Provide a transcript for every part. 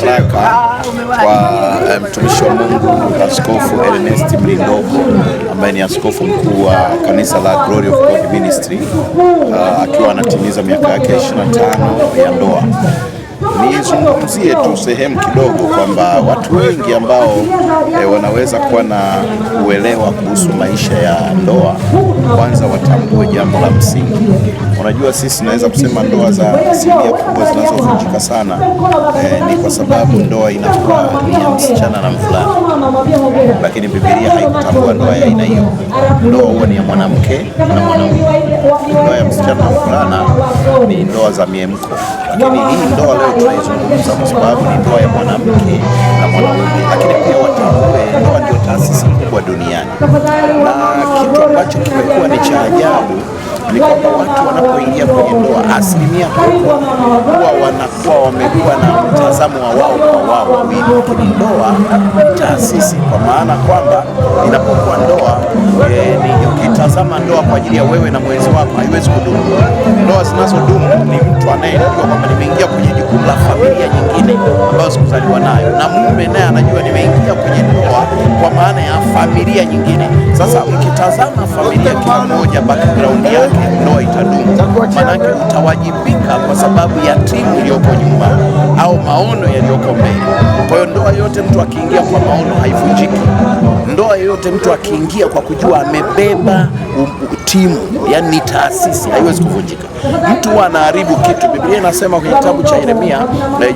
baraka kwa eh, mtumishi wa Mungu Askofu Ernest Mlindoko ambaye ni askofu mkuu wa kanisa la Glory of God Ministry uh, akiwa anatimiza miaka yake 25 ya ndoa. Nizungumzie tu sehemu kidogo kwamba watu wengi ambao e, wanaweza kuwa na uelewa kuhusu maisha ya ndoa kwanza wata jambo la msingi. Unajua, sisi naweza kusema ndoa za asilimia kubwa zinazovunjika sana eh, ni kwa sababu ndoa inakuwa ya msichana na mvulana, lakini Biblia haikutambua ndoa ya aina hiyo. Ndoa huwa ni ya mwanamke na mwanaume. Ndoa ya msichana na mvulana ni ndoa za miemko, lakini hii ndoa leo tunaizungumza kwa sababu ni ndoa ya mwanamke na mwanaume, lakini pia watambue ndoa ndio taasisi kubwa duniani na kitu ambacho kimekuwa ni cha ajabu ni kwamba watu wanapoingia kwenye ndoa, asilimia kubwa huwa wanakuwa wamekuwa na mtazamo wa wao kwa wao wawili, Kwenye ndoa taasisi, kwa maana kwamba inapokuwa ndoa e, ni ukitazama ndoa kwa ajili ya wewe na mwenzi wako haiwezi kudumu. Ndoa zinazodumu ni mtu anayejua kwamba nimeingia kwenye jukumu la familia nyingine ambayo sikuzaliwa nayo, na mume naye anajua nimeingia kwenye ndoa kwa maana ya familia nyingine. Sasa mkitazama familia kila mmoja background yake ndoa itadumu, manake utawajibika kwa sababu ya timu iliyoko nyuma au maono yaliyoko mbele. Kwa hiyo ndoa yote mtu akiingia kwa maono haivunjiki. Ndoa yote mtu akiingia kwa kujua amebeba timu, yani ni taasisi, haiwezi kuvunjika. Mtu huwa anaharibu kitu. Biblia inasema kwenye kitabu cha Yeremia,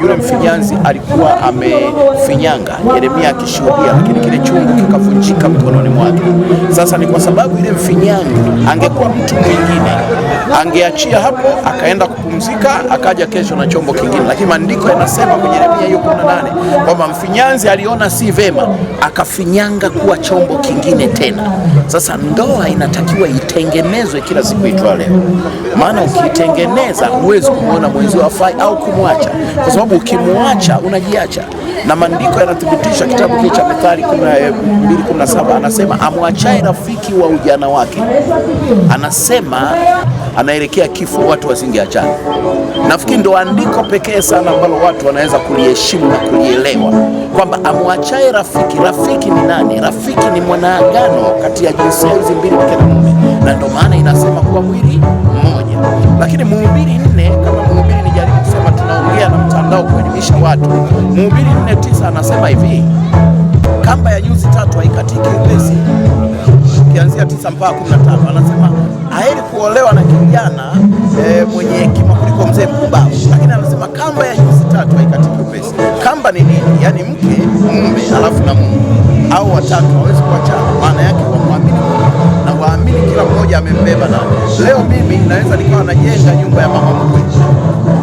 yule mfinyanzi alikuwa amefinyanga, Yeremia akishuhudia, lakini kile chungu kikavunjika mkononi mwake. Sasa ni kwa sababu ile mfinyanzi angekuwa mtu mwingine angeachia hapo akaenda kupumzika akaja kesho na chombo kingine, lakini maandiko yanasema kwenye Yeremia hiyo 18 kwamba mfinyanzi aliona si vema akafinyanga kuwa chombo kingine tena. Sasa ndoa inatakiwa itengenezwe kila siku itwa leo, maana ukiitengeneza huwezi kumwona mwenzio afai au kumwacha, kwa sababu ukimwacha unajiacha, na maandiko yanathibitisha. Kitabu kile cha Mithali 2:17 eh, anasema amwachae rafiki wa ujana wake, anasema anaelekea kifo, watu wasingeachana. Nafikiri ndo andiko pekee sana ambalo watu wanaweza kuliheshimu na kulielewa kwamba amwachae rafiki. Rafiki ni nani? Rafiki ni mwanaagano kati ya jinsia hizi mbili, mke na mume, na ndo maana inasema kuwa mwili mmoja. Lakini Mhubiri nne, kama Mhubiri jaribu kusema, tunaongea na mtandao kuelimisha watu. Mhubiri nne tisa anasema hivi, kamba ya nyuzi tatu haikatiki upesi, kianzia tisa mpaka kumi na tano anasema heri kuolewa na kijana eh, mwenye hekima kuliko mzee mkubwa. Lakini anasema kamba ya hizi tatu haikatiki upesi. Kamba ni nini? Yaani mke, mume alafu na Mungu au watatu hawezi kuachana. Maana yake wamwamini na waamini, kila mmoja amembeba. Na leo mimi naweza nikawa najenga nyumba ya mama mkwe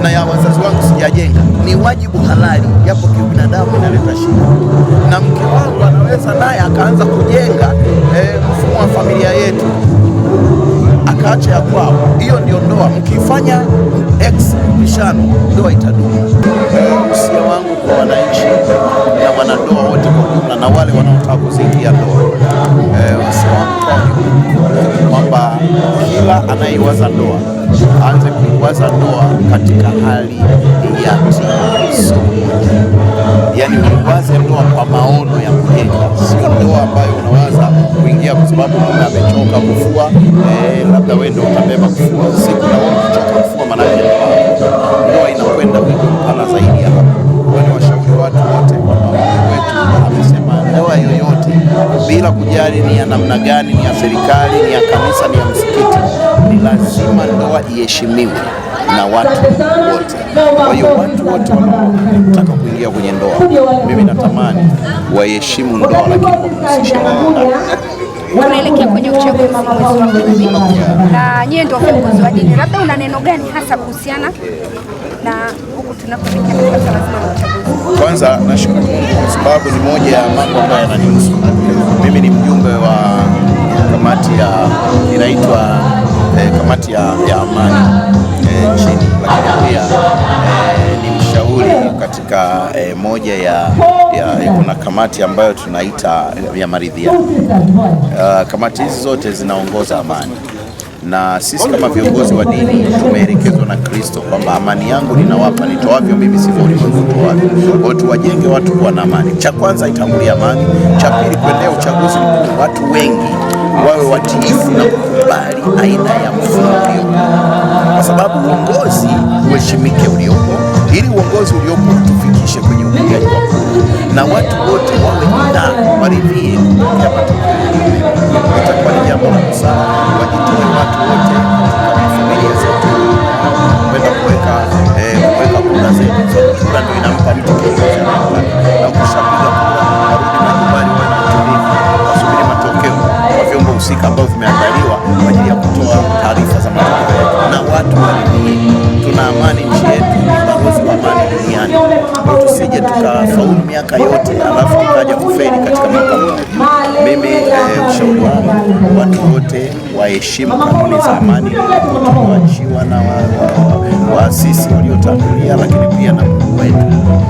na ya wazazi wangu sijajenga, ni wajibu halali, japo kibinadamu inaleta shida, na mke wangu anaweza naye akaanza kujenga eh, mfumo wa familia yetu akaacha ya kwao. Hiyo ndio ndoa. Mkifanya x mishano ndoa itadumu. Usia wangu kwa wananchi na wanandoa wote kwa jumla na wale wanaotaka kuzingia ndoa, eh, usia wangu kwamba kila anayeiwaza ndoa aanze kuiwaza ndoa katika hali ya so, yani uiwaze ndoa kwa maono ya kujenga, sio ndoa ambayo kuingia kwa sababu mume amechoka kufua. Eh, labda wewe ndio utabeba kufua usiku na wewe unachoka kufua, maana yake ndoa inakwenda wigo zaidi hapa. Kwa ni washauri watu wote wetu amesema ndoa yoyote bila kujali ni ya namna gani, ni ya serikali, ni ya kanisa, ni ya msikiti, ni lazima ndoa iheshimiwe na watu wote. Kwa hiyo watu wote wanaotaka kuingia kwenye ndoa, mimi natamani waheshimu ndoa, lakini wamehusisha wanaelekea kwenye uchaguzi na nyie ndio viongozi wa dini, labda una neno gani hasa kuhusiana na huku tunapofikia kwa uchaguzi? Kwanza nashukuru Mungu kwa sababu ni moja ya mambo ambayo yananihusu mimi. Ni mjumbe wa kamati ya inaitwa eh, kamati ya, ya amani eh, nchini lakini pia eh, katika e, moja ya, ya kuna kamati ambayo tunaita eh, ya maridhiano. Uh, kamati hizi zote zinaongoza amani na sisi kama viongozi wa dini tumeelekezwa na Kristo kwamba amani yangu ninawapa, nitoavyo mimi sivyo ulimwengu utoavyo. Kwa hiyo tuwajenge watu kuwa na amani. Cha kwanza itangulia amani, cha pili kuendea uchaguzi mkuu, watu wengi wawe watiifu na kukubali aina ya mfumo kwa sababu uongozi uheshimike uliopo ili uongozi uliopo utufikishe kwenye upigaji wa kura na watu wote wawe nikafaulu miaka yote alafu nikaja kufeli katika mwaka mmoja. Mimi eh, ushauri wangu watu wote waheshimu kanuni za amani tulizoachiwa na waasisi wa, wa, wa waliotangulia, lakini pia na Mungu wetu.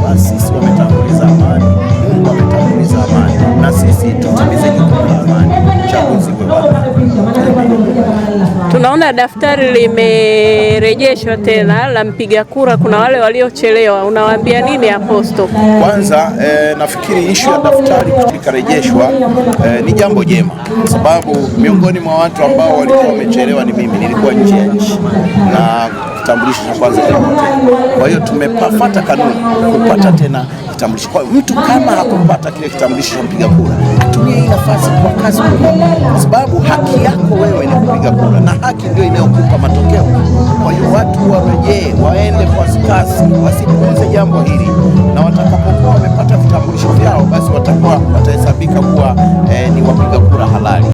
Waasisi wametanguliza amani, Mungu ametanguliza amani, na sisi tutimize jukumu la amani. Chaguzi wewe. Tunaona daftari limerejeshwa tena la mpiga kura. Kuna wale waliochelewa, unawaambia nini Aposto? Kwanza eh, nafikiri ishu ya daftari likarejeshwa eh, ni jambo jema, kwa sababu miongoni mwa watu ambao walikuwa wamechelewa ni mimi, nilikuwa nje ya nchi na kitambulisho cha kwanza. Kwa hiyo tumepafata kanuni kupata tena kitambulisho. Kwa hiyo mtu kama hakupata kile kitambulisho cha mpiga kura, atumie hii nafasi kwa kazi kubwa, kwa sababu haki yako wewe ni kupiga kura, na haki ndio inayokupa matokeo. Kwa hiyo watu warejee, waende kwa kasi, wasipuuze jambo hili, na watakapokuwa wamepata vitambulisho vyao, basi watakuwa watahesabika kuwa eh, ni wapiga kura halali.